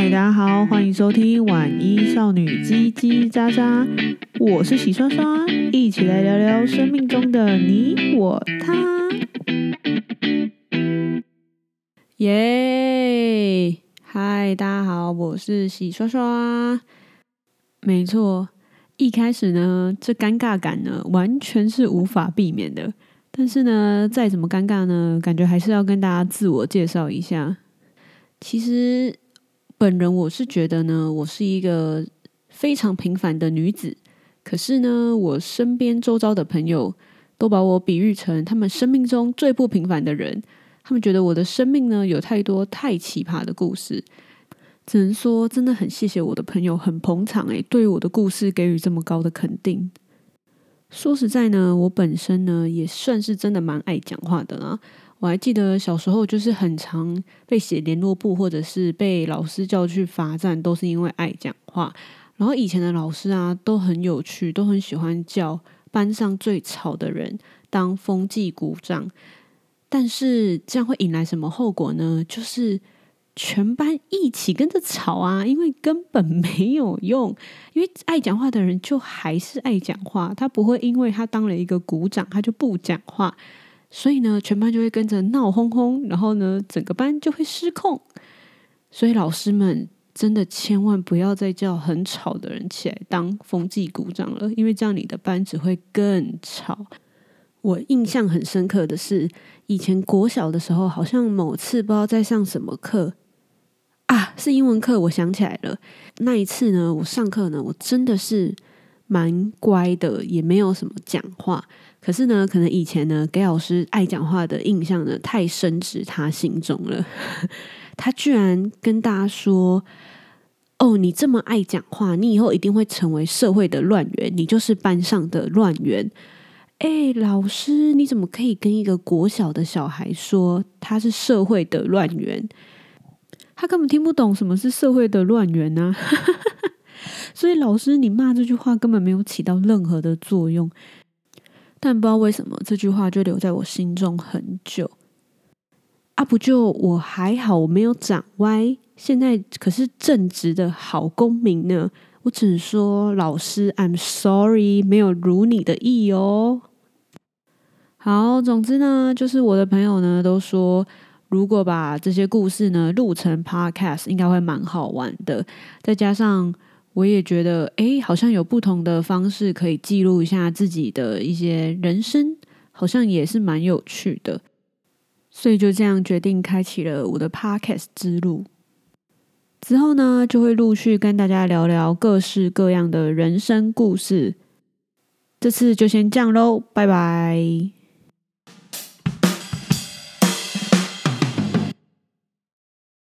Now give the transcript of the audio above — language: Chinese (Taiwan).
嗨，Hi, 大家好，歡迎收聽晚一少女嘰嘰喳喳，我是洗刷刷，一起來聊聊生命中的你我他。耶！嗨，大家好，我是洗刷刷。沒錯，一開始呢，這尷尬感呢，完全是無法避免的。但是呢，再怎麼尷尬呢，感覺還是要跟大家自我介紹一下。其實。本人我是覺得呢，我是一個非常平凡的女子，可是呢，我身邊周遭的朋友都把我比喻成他們生命中最不平凡的人。他們覺得我的生命呢，有太多太奇葩的故事，只能說真的很謝謝我的朋友很捧場誒、欸，對於我的故事給予這麼高的肯定。說實在呢，我本身呢也算是真的蠻愛講話的啦。我還記得小時候，就是很常被寫聯絡簿，或者是被老師叫去罰站，都是因為愛講話。然後以前的老師啊，都很有趣，都很喜歡叫班上最吵的人當風紀股長。但是這樣會引來什麼後果呢？就是全班一起跟着吵啊，因為根本沒有用，因為愛講話的人就還是愛講話，他不會因為他當了一個股長，他就不講話。所以呢，全班就會跟着鬧哄哄，然後呢，整個班就會失控。所以老師們真的千萬不要再叫很吵的人起來當風紀股長了，因為這樣你的班只會更吵。我印象很深刻的是，以前國小的時候，好像某次不知道在上什麼課啊，是英文課。我想起來了，那一次呢，我上課呢，我真的是，蠻乖的，也沒有什麼講話。可是呢，可能以前呢，給老師愛講話的印象呢，太深植他心中了。 他居然跟大家說：“哦，你這麼愛講話，你以後一定會成為社會的亂源，你就是班上的亂源。誒”誒，老師，你怎麼可以跟一個國小的小孩說他是社會的亂源？他根本聽不懂什麼是社會的亂源啊！ 所以老師，你罵這句話根本沒有起到任何的作用，但不知道為什麼這句話就留在我心中很久，啊。阿不就我還好，我沒有長歪，現在可是正直的好公民呢。我只說，老師，I'm sorry，沒有如你的意哦。好，總之呢，就是我的朋友呢都說，如果把這些故事呢錄成 podcast，應該會蠻好玩的，再加上，我也覺得，誒，好像有不同的方式可以記錄一下自己的一些人生，好像也是蠻有趣的，所以就這樣決定開啟了我的 Podcast 之路。之後呢，就會陸續跟大家聊聊各式各樣的人生故事。這次就先這樣嘍，拜拜。